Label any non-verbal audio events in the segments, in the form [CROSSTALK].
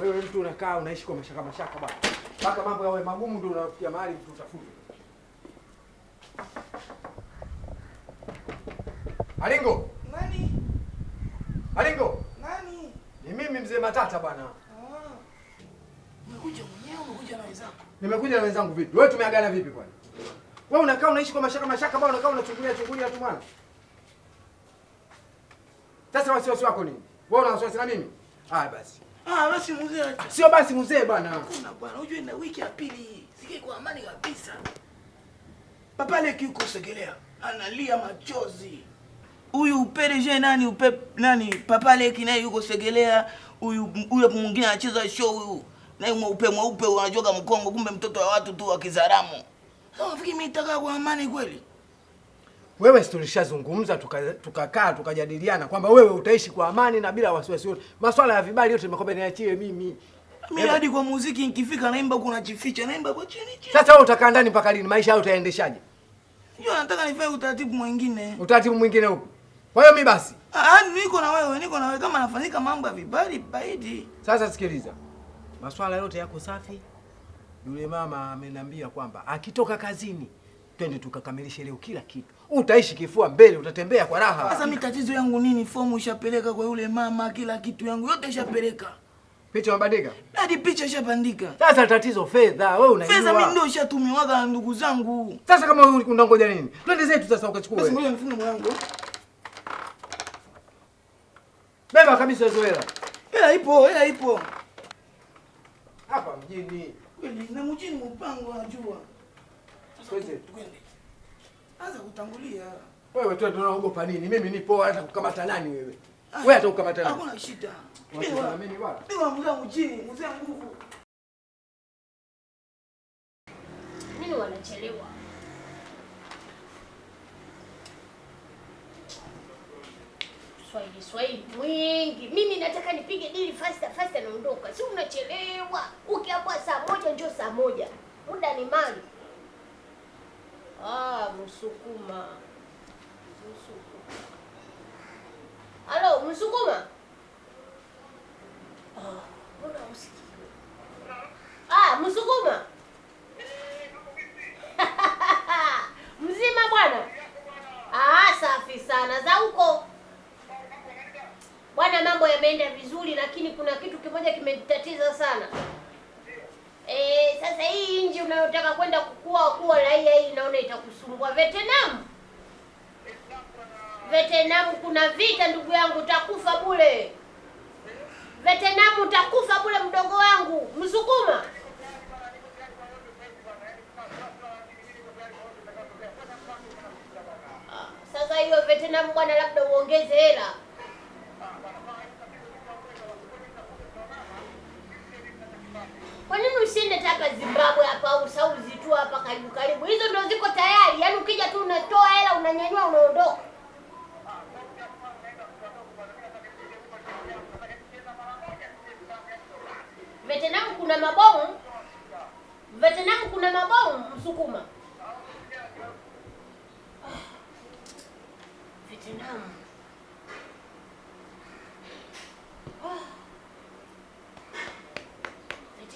Wewe mtu unakaa unaishi kwa mashaka mashaka bwana. Mpaka mambo yawe magumu ndio unafikia mahali mtu utafute. Alingo. Nani? Alingo. Nani? Ni mimi mzee Matata bwana. Ah. Umekuja mwenyewe, umekuja na wenzako. Nimekuja na wenzangu vipi? Wewe tumeagana vipi bwana? Wewe unakaa unaishi kwa mashaka mashaka bwana, unakaa unachungulia chungulia tu mwana. Sasa wasiwasi wako nini? Wewe una wasiwasi na mimi? Ah basi. Ah, basi mzee ah, Sio basi mzee bwana. Kuna bwana. Unajua ina wiki ya pili hii. Sikii kwa amani kabisa. Papa leki yuko Segelea. Analia machozi. Huyu upere je nani upe nani Papa leki naye yuko Segelea. Huyu huyo mwingine anacheza show huyu. Na yule mweupe mweupe unajoga Mkongo kumbe mtoto wa watu tu wa Kizaramo. Sasa so, fikiri mimi nitakaa kwa amani kweli? wewe si tulishazungumza tukakaa tukajadiliana kwamba wewe utaishi kwa amani na bila wasiwasi wote. Maswala ya vibali yote nimekwambia niachie mimi. Mimi hadi kwa muziki nikifika naimba kuna chificha naimba kwa chini chini. Sasa wewe utakaa ndani mpaka lini? Maisha hayo utaendeshaje? Ndio nataka nifanye utaratibu mwingine. Utaratibu mwingine huko. Kwa hiyo mimi basi. Ah, ah, niko na wewe, niko na wewe kama nafanyika mambo ya vibali baidi. Sasa sikiliza. Maswala yote yako safi. Yule mama ameniambia kwamba akitoka kazini twende tukakamilishe leo kila kitu utaishi kifua mbele, utatembea kwa raha. Sasa mimi tatizo yangu nini? Fomu ishapeleka kwa yule mama, kila kitu yangu yote ishapeleka, picha mabandika, hadi picha ishabandika. Sasa tatizo fedha, wewe unajua fedha mimi ndio ishatumiwa na ndugu zangu. Sasa kama wewe unangoja nini? Twende zetu sasa, ukachukue basi. Ngoja nifunge mwanangu, beba kabisa hizo hela. Hela ipo, hela ipo hapa mjini kweli, na mjini mpango anajua. Sasa twende Anza kutangulia. Wewe tu tunaogopa nini? Mimi nipo hata kukamata nani wewe? Ah, wewe hata kukamata nani? Hakuna shida. Mimi bwana? Mimi wa mzee mjini, mzee nguvu. Nini wanachelewa? Swahili Swahili mwingi. Mimi nataka nipige dili faster faster naondoka. Si unachelewa. Ukiapa saa moja njoo saa moja. Muda ni mali. Ah, Msukuma. Msukuma. Halo, Msukuma? Ah, ah Msukuma. [LAUGHS] Mzima bwana? Ah, safi sana. Za huko? Bwana, mambo yameenda vizuri, lakini kuna kitu kimoja kimenitatiza sana. E, sasa hii inji unayotaka kwenda kukua kuwa raia hii naona itakusumbua Vietnam. Vietnam kuna vita ndugu yangu, utakufa bure. Vietnam utakufa bure mdogo wangu Msukuma. Sasa hiyo Vietnam bwana, labda uongeze hela usinde hapa Zimbabwe hapa au Saudi tu hapa karibu karibu, hizo ndio ziko tayari, yaani ukija tu unatoa hela unanyanyua unaondoka.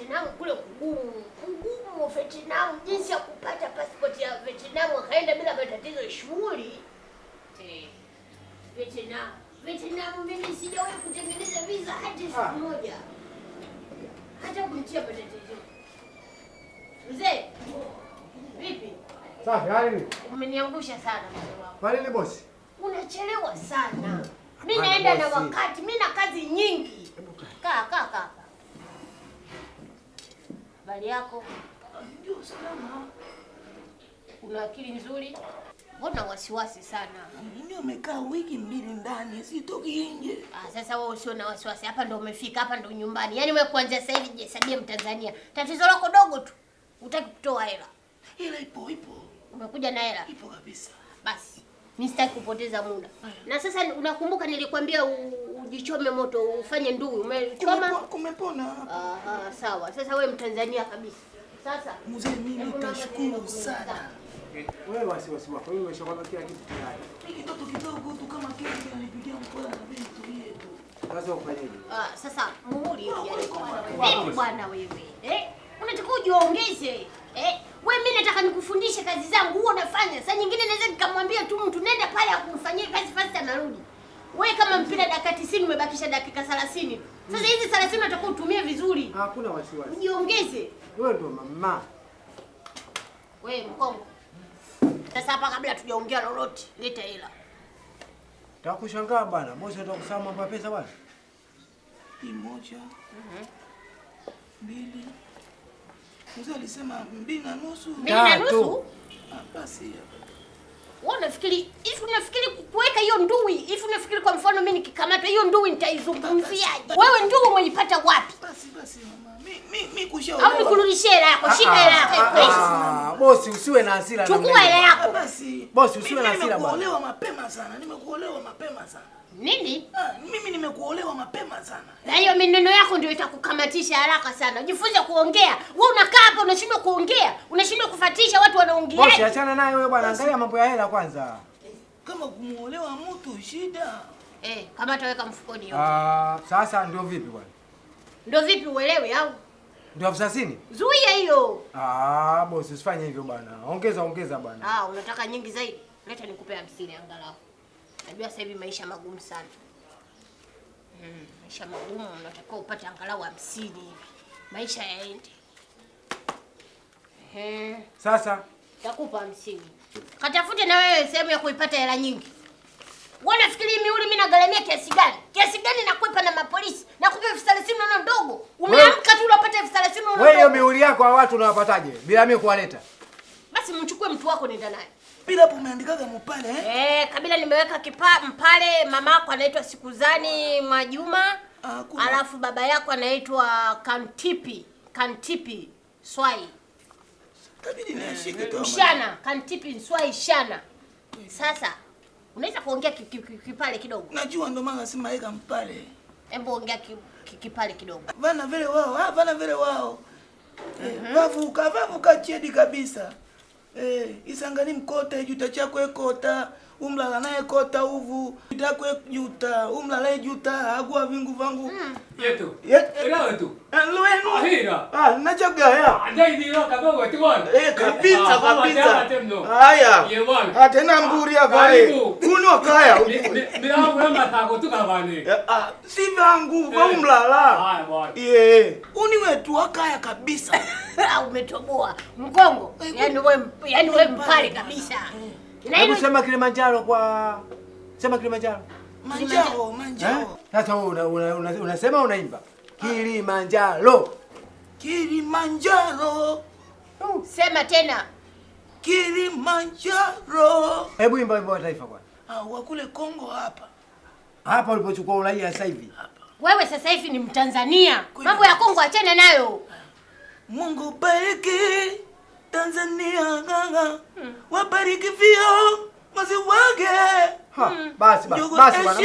Vietnam kule kugumu kugumu, Vietnam jinsi ya kupata passport ya Vietnam akaenda bila matatizo shughuli eh. Vietnam. Vietnam mimi sijawahi kutengeneza visa hata siku ah. moja, hata kumtia matatizo. Mzee vipi? Safi, hali ni? umeniangusha sana mzee wangu. Kwa nini bosi? Unachelewa sana. Mimi ah, naenda na wakati, mimi na kazi nyingi. Kaa kaa kaa Habari yako? Ndio, salama. Una akili nzuri? Mbona wasiwasi sana? Mimi nimekaa wiki mbili ndani, sitoki nje. Ah, sasa wewe usio na wasiwasi. Hapa ndio umefika, hapa ndio nyumbani. Yaani wewe kuanzia sasa hivi jihesabie Mtanzania. Tatizo lako dogo tu. Utaki kutoa hela. Hela ipo ipo. Umekuja na hela? Ipo kabisa. Basi. Nisitaki kupoteza muda. Na sasa unakumbuka nilikwambia ujichome moto ufanye ndui, umechoma kumepona. Aha, sawa. Sasa wewe Mtanzania kabisa. Sasa mzee, mimi nashukuru sana wewe, wasiwasi wako wewe, umeshaona kila kitu tayari. Hiki kitoto kidogo tu kama kile kinanipigia mkono na mimi tu yetu. Sasa ufanyeje? Ah, sasa muhuri hivi bwana wewe. Eh? Unataka ujiongeze. Eh? Wewe mimi nataka nikufundishe kazi zangu, huo unafanya. Saa nyingine naweza nikamwambia tu mtu nenda pale akumfanyie kazi fast anarudi. Wewe kama mpira dakika 90 umebakisha dakika 30. Sasa hizi 30 unataka utumie vizuri. Hakuna wasiwasi. Ujiongeze. Wewe ndo mama. Wewe mkongo. Sasa hapa kabla tujaongea lolote, leta hela. Takushangaa bana. Mbona atakusema mambo ya pesa bana? Ni moja. Mhm. Mbili. Mzee alisema mbili na nusu. Mbili na nusu? Ah, basi. Wewe unafikiri hivi unafikiri kuweka hiyo ndui? Hivi unafikiri kwa mfano mimi nikikamata hiyo ndui nitaizungumziaje? Wewe ndui umeipata wapi? Basi basi mama au nikurudishie hela yako? Ah, shika ah, hela yako. Ah, bosi, usiwe na hasira. Chukua hela yako. Bosi, usiwe na hasira Nimekuolewa mapema sana. Nimekuolewa mapema sana. Nini? Ha, mimi nimekuolewa mapema sana. Na hiyo mineno yako ndio itakukamatisha haraka sana. Jifunze kuongea. Wewe unakaa hapa unashindwa kuongea, unashindwa kufatisha watu wanaongea. Bosi, achana naye wewe bwana, angalia mambo ya hela kwanza. Kama kumuolewa mtu shida. Eh, kama ataweka mfukoni yote. Ah, sasa ndio vipi bwana? Ndio vipi uelewe au? Ndio hamsini? Zuia hiyo. Ah, bosi usifanye hivyo bwana. Ongeza ongeza bwana. Ah, unataka nyingi zaidi? Leta nikupe hamsini angalau. Najua sasa hivi maisha magumu sana. Mm, maisha magumu unatakiwa upate angalau hamsini hivi. Maisha yaende. Eh. Sasa takupa hamsini. Katafute na wewe sehemu ya kuipata hela nyingi. Wewe unafikiri mimi mimi nagaramia kiasi gani? Kiasi gani nakwepa na mapolisi? Nakupa elfu thelathini unaona ndogo. Umeamka tu unapata elfu thelathini unaona Wewe hiyo miuli yako wa watu unawapataje? Bila mimi kuwaleta. Basi mchukue mtu wako nenda naye. Bila hapo umeandikaga Mpale eh? Eh, kabila nimeweka kipa Mpale, mama anaitwa Sikuzani Majuma. Ah, alafu baba yako anaitwa Kantipi, Kantipi Swai. Kabili ni tu. Shana, Kantipi Swai Shana. Sasa Unaweza kuongea kipale kidogo? Najua ndio maana nasema weka mpale. Hebu ongea kipale kidogo. Bana vile wao, ah bana vile wao. Eh, vavuka mhm. vavuka chedi kabisa. Eh, isangani mkota hiyo chako ekota umlala naye kota uvu itakwe juta umlala juta agua vingu vangu hmm. yetu yetu yetu leo tu leo ahira ah nachaga ya ah, ndai dilo kadogo tu bwana eh kabisa ah, kabisa haya ye bwana atena ah, mburi ya vale kuno kaya bila kama tako tu kavane eh, ah si vangu kwa eh. umlala haya bwana ye uni wetu akaya kabisa [LAUGHS] umetoboa mkongo eh, yani wewe yani wewe mpale kabisa Hebu sema Kilimanjaro kwa sema Kilimanjaro. Manjaro, manjaro. Eh? Sasa wewe una, unasema una unaimba Kilimanjaro. Kilimanjaro. Oh. Sema tena. Kilimanjaro. Hebu imba imba wa taifa bwana. Ah, wa kule Kongo hapa. Hapa ulipochukua uraia sasa hivi. Wewe sasa hivi ni Mtanzania. Mambo ya Kongo achane nayo. Mungu bariki Tanzania nganga hmm. Wabariki vio mazi wage hmm. Basi basi basi basi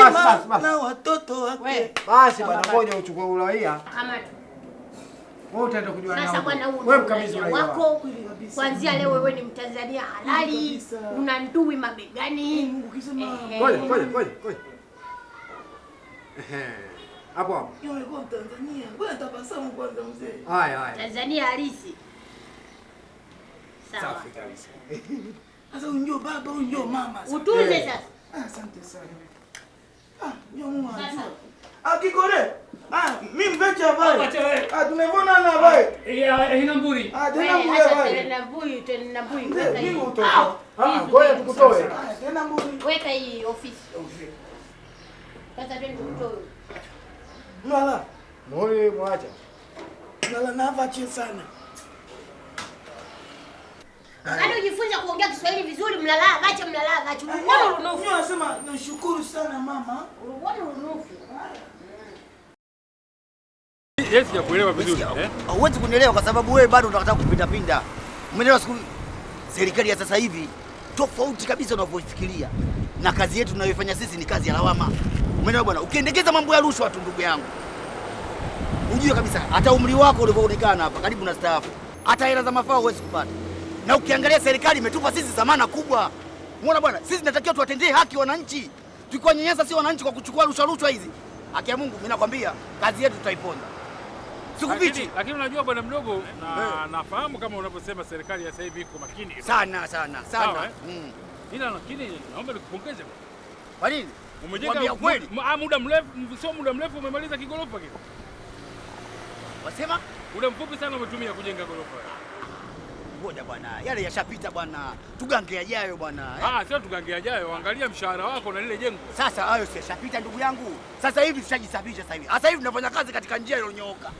basi na watoto wake basi bwana, ngoja uchukue uraia Wewe utaenda kujua nani? wewe wako kuanzia leo, wewe ni Mtanzania halali, una ndui mabegani. yule kwa kwanza mzee. Haya haya, Tanzania halisi sawa. [LAUGHS] Sasa huyu baba, unjo ndio mama. Utunze sasa. Ah, asante sana. Ah, ndio mwana. Ah, kikore. Ah, mimi mvecha baba. Ah, tumevona na baba. Ah, eh, ina mburi. Ah, tena mburi baba. Tena mburi, tena mburi. Mimi utoka. Ah, ngoja tukutoe. Ah, tena mburi. Weka hii ofisi. Sasa twende tukutoe. Mwala. Mwone mwacha. Mwala na vache sana. Yaani ujifunze kuongea Kiswahili vizuri mlalaa gacha mlalaa gacha. Unaona unufu. Mimi nasema nashukuru sana mama. Unaona unufu. Yes, ya kuelewa vizuri. Eh? Huwezi kunielewa kwa sababu wewe bado unataka kupinda pinda. Umeelewa siku serikali ya sasa hivi tofauti kabisa unavyofikiria. Na kazi yetu tunayoifanya sisi ni kazi ya lawama. Umeelewa bwana? Ukiendekeza mambo ya rushwa tu ndugu yangu. Ujue kabisa hata umri wako ulivyoonekana hapa karibu na staafu. Hata hela za mafao huwezi kupata na ukiangalia serikali imetupa sisi dhamana kubwa. Muona bwana, sisi tunatakiwa tuwatendee haki wananchi, tukiwa tukiwanyanyasa si wananchi kwa kuchukua rushwa rushwa hizi. Haki ya Mungu, mimi nakwambia kazi yetu tutaiponza. Lakini, lakini unajua bwana mdogo na, eh. nafahamu kama unavyosema serikali ya sasa hivi iko makini sana sana sana. Sawa, eh? mm. Ila lakini naomba nikupongeze. Kwa nini? Umejenga kweli. Ah, muda mrefu sio muda mrefu umemaliza kigorofa kile. Wasema? Muda mfupi sana umetumia kujenga gorofa. Ngoja bwana, yale yashapita bwana, tugange yajayo bwana. Eh? Ah, sio tugange yajayo, angalia mshahara wako na lile jengo. Sasa hayo si yashapita ndugu yangu, sasa hivi tushajisafisha. Sasa hivi sasa hivi tunafanya kazi katika njia iliyonyooka,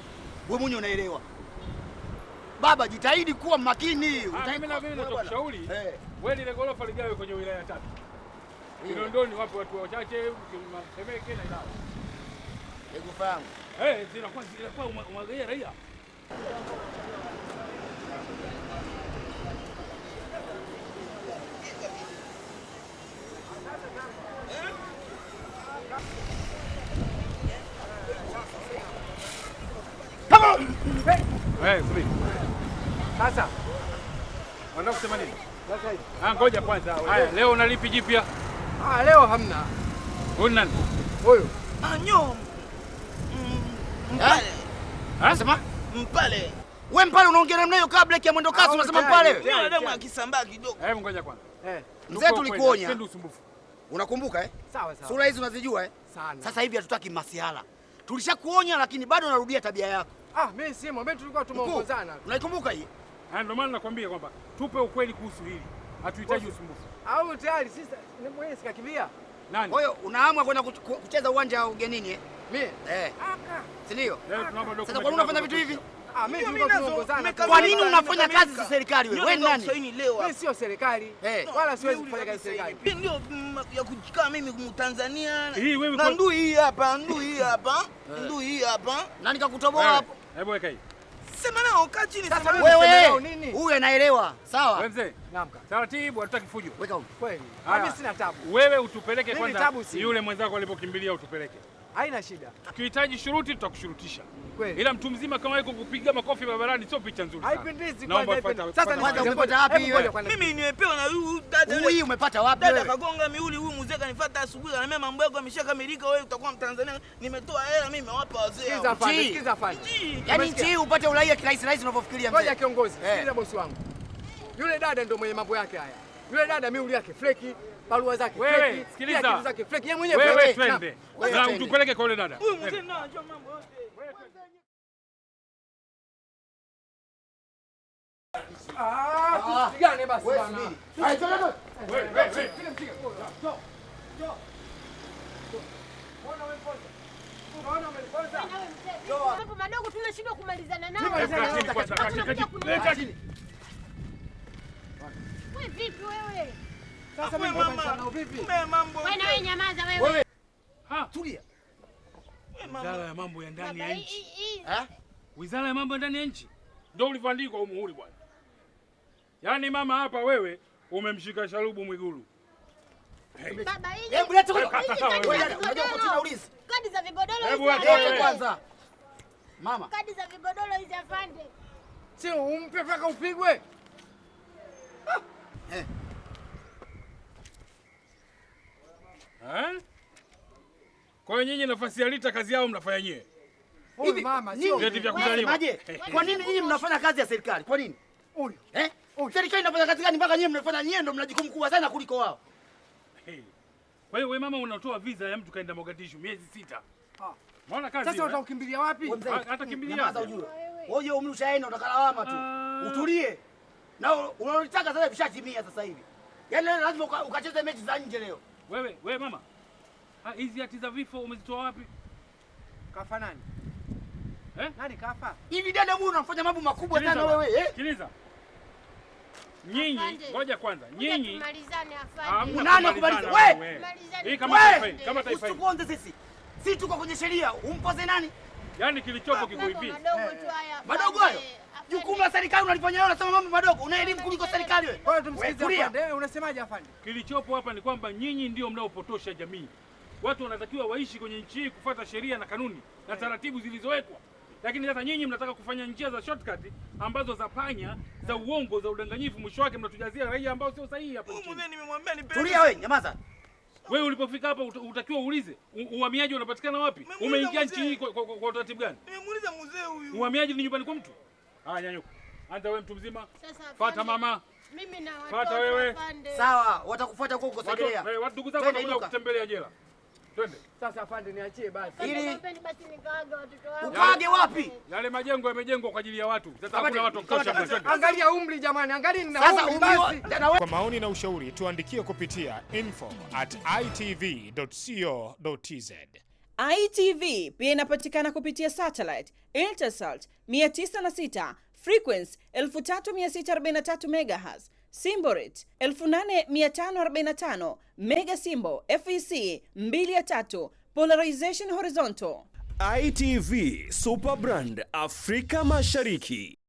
wewe mwenyewe unaelewa. Baba, jitahidi kuwa makini. Mimi ah, mimi na Nitakushauri eh. wewe, lile gorofa lijawe kwenye wilaya tatu eh. Kinondoni, wapo watu wachache, Msemeke na Ilala. Ego fahamu. Eh, zinakuwa zinakuwa umwagaia raia ngoja kwanza. Haya, leo lipi jipya? Ah, leo hamna. Huyu nani? Huyu. Ah, nyo. Mm, mpale. Ah, sema? Mpale. Wewe mpale unaongea namna hiyo kabla ya mwendo kasi ah, unasema mpale. Ni Mwanadamu akisambaa kidogo. Eh, ngoja kwanza. Eh. Mzee tulikuonya. Sio usumbufu. Unakumbuka eh? Sawa sawa. Sura hizi unazijua eh? Sana. Sasa hivi hatutaki masiala. Tulishakuonya lakini bado unarudia tabia yako. Ah, mimi sema, mimi tulikuwa tumeongozana. Unaikumbuka hii? Ah, ndio maana nakwambia kwamba tupe ukweli kuhusu hili. Hatuhitaji usumbufu. Au tayari ni mwenyewe sikakimbia. Nani? Kwa hiyo unaamua kwenda kucheza uwanja wa ugenini eh? Mimi? Eh. Si ndio? Eh, Sasa kwa nini unafanya vitu hivi? Ah, mimi ndio tunaongozana. Kwa nini unafanya kazi za serikali wewe? Wewe nani? Mimi sio serikali. Eh. Wala siwezi kufanya kazi za serikali. Mimi ndio mm, ya kujikaa mimi kwa Mtanzania. Na ndui hii hapa, ndui hii hapa. Eh. Ndui hii hapa. Nani kakutoboa hapo? Hebu weka hii sema nao, kaa chini sasa. Wewe nini? Huyu anaelewa. Sawa. Wewe mzee. Taratibu, hatutaki fujo. Weka huko. Kweli. Mimi sina tabu. Wewe utupeleke kwanza yule mwenzako alipokimbilia utupeleke haina shida. Tukihitaji shuruti tutakushurutisha, ila mtu mzima kama yuko kupiga makofi barabarani sio picha nzuri sana. Haipendezi. Sasa umepata wapi wewe? Mimi nimepewa na huyu dada. Huyu umepata wapi wewe? Dada kagonga miuli, huyu mzee kanifuata asubuhi, mimi mambo yako yameshakamilika, wewe utakuwa Mtanzania. Nimetoa hela mimi, nawapa wazee. Sikiza fani, sikiza fani. Yaani nchi hii upate uraia kirahisi rahisi unavyofikiria mzee. Ngoja kiongozi, eh. sikiza bosi wangu. Yule dada ndio mwenye mambo yake haya. Yule dada miuli yake fleki barua zake wewe, sikiliza wewe, twende na utupeleke kwa yule dada. Vipi wewe? Sasa mimi mama, vipi? mambo. Wewe na wewe nyamaza wewe. Wewe. Ha, tulia. Wizara ya mambo ya ndani ya nchi. Eh? Wizara ya mambo ya ndani ya nchi. Ndio ulivyoandikwa huu muhuri bwana. Yaani mama hapa wewe umemshika sharubu Mwigulu. Hebu leta Kadi za vigodoro. Hebu kwanza. Mama. Kadi za vigodoro hizi afande. Sio umpe mpaka upigwe. Eh. Eh? Kwa hiyo nyinyi nafasi ya lita kazi yao mnafanya nyewe. Hivi mama, sio vyeti vya kuzaliwa. [LAUGHS] Kwa nini nyinyi mnafanya kazi ya serikali? Kwa nini? Huyu. Eh? Serikali inafanya kazi gani mpaka nyinyi mnafanya nyewe ndio mna jukumu kubwa sana kuliko wao. Kwa hiyo wewe mama unatoa visa ya mtu kaenda Mogadishu miezi sita. Ah. Unaona kazi? Sasa eh? utakimbilia wapi? Hata kimbilia. Wewe umri ushaenda utakalawama tu. Ah. Utulie. Na unalotaka sasa vishachimia sasa hivi. Yaani lazima ukacheze mechi za nje leo. Wewe, wewe mama, hizi hati za vifo umezitoa wapi? Kafa nani? Eh? Nani kafa? Hivi dada, wewe unafanya mambo makubwa sana wewe, eh? Sikiliza. Nyinyi ngoja kwanza. Nyinyi malizane afande. Nani kumaliza? Wewe. Hii kama taifa, kama taifa. Usituponze sisi. Sisi tuko kwenye sheria. Umpoze nani? Yaani kilichopo ah, kiko hivi. Madogo tu eh. haya. Madogo hayo wa serikali unalifanya leo, unasema mambo madogo, una elimu kuliko serikali wewe. Wewe tumsikize afande, eh, unasemaje afande? Kilichopo hapa ni kwamba nyinyi ndio mnaopotosha jamii. Watu wanatakiwa waishi kwenye nchi hii kufuata sheria na kanuni na eh. taratibu zilizowekwa, lakini sasa nyinyi mnataka kufanya njia za shortcut ambazo za panya za eh. uongo za udanganyifu, mwisho wake mnatujazia raia ambao sio sahihi hapa nchini. Mimi nimemwambia nipe. Tulia wewe, nyamaza. Wewe ulipofika hapa utakiwa uulize uhamiaji unapatikana wapi? Umeingia nchi hii kwa utaratibu gani? Nimemuuliza mzee huyu. Uhamiaji ni nyumbani kwa mtu? Haya, nyanyuka. Anza wewe mtu mzima. Fuata mama. Mimi na watoto. Fuata wewe. Sawa, watakufuata huko Segerea. Wewe eh, watu ndugu zako wanakuja kutembelea jela. Twende. Sasa afande niachie basi. Ili nikaage ukage wapi? Yale majengo yamejengwa kwa ajili ya watu. Sasa hakuna watu kutosha. Angalia umri jamani, angalia nina umri basi. Kwa maoni na ushauri tuandikie kupitia info@itv.co.tz. ITV pia inapatikana kupitia satellite intersalt 96 frequency 3643 MHz, Simborit 8545 mega simbo, FEC 23 polarization horizontal. ITV Super Brand Afrika Mashariki.